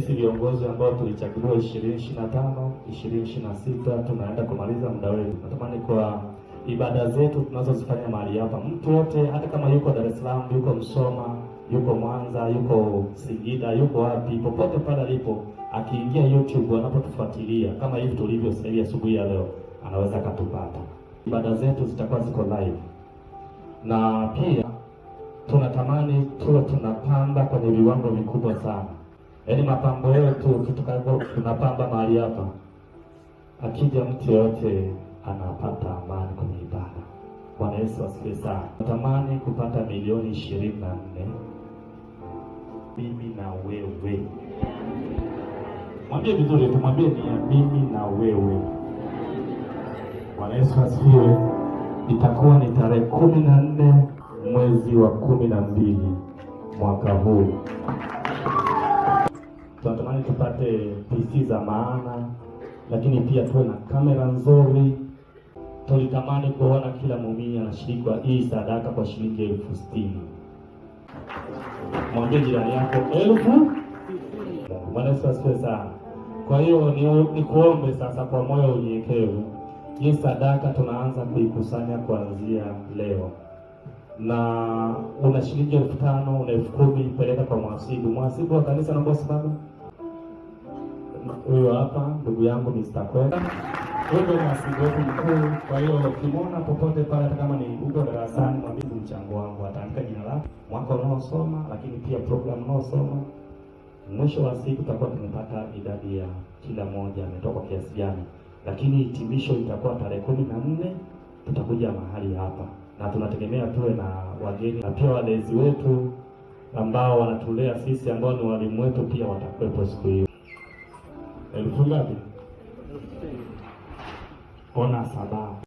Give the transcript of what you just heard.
sisi viongozi ambao tulichaguliwa 2025 2026 tunaenda kumaliza muda wetu. Natamani kwa ibada zetu tunazozifanya mahali hapa, mtu yote hata kama yuko Dar es Salaam, yuko Msoma, yuko Mwanza, yuko Singida, yuko wapi, popote pale alipo, akiingia YouTube anapotufuatilia kama hivi tulivyo sasa hivi asubuhi ya leo, anaweza akatupata. Ibada zetu zitakuwa ziko live na pia tunatamani tuwe tunapanda kwenye viwango vikubwa sana yaani mapambo yetu kitu tunapamba mahali hapa, akija mtu yeyote anapata amani kwenye ibada. Bwana Yesu asifiwe sana. Natamani kupata milioni ishirini na nne mimi na wewe, mwambie vizuri, tumwambie ni ya mimi na wewe. Bwana Yesu asifiwe. Itakuwa ni tarehe kumi na nne mwezi wa kumi na mbili mwaka huu tunatamani tupate PC za maana, lakini pia tuwe na kamera nzuri. Tulitamani kuona kila muumini anashiriki hii sadaka kwa shilingi elfu sitini. Mwambie jirani yako elfu. Bwana Yesu asifiwe sana. Kwa hiyo ni ni sasa kwa moyo unyenyekevu, hii sadaka tunaanza kuikusanya kuanzia leo na una shilingi elfu tano una elfu kumi peleka kwa mwasibu mwasibu wa kanisa naomba simama huyo hapa ndugu yangu Mr. Kwenda ndio mhasibu wetu mkuu. Kwa hiyo ukimwona popote pale, hata kama ni uko darasani, mwambie mchango wangu, ataandika jina lako, mwaka unaosoma, lakini pia program unaosoma. Mwisho wa siku tutakuwa tumepata idadi ya kila mmoja ametoka kiasi gani, lakini hitimisho itakuwa tarehe kumi na nne tutakuja mahali hapa, na tunategemea tuwe na wageni na pia walezi wetu ambao wanatulea sisi ambao ni walimu wetu pia watakuwepo siku hiyo. Είναι θεμελιώδες.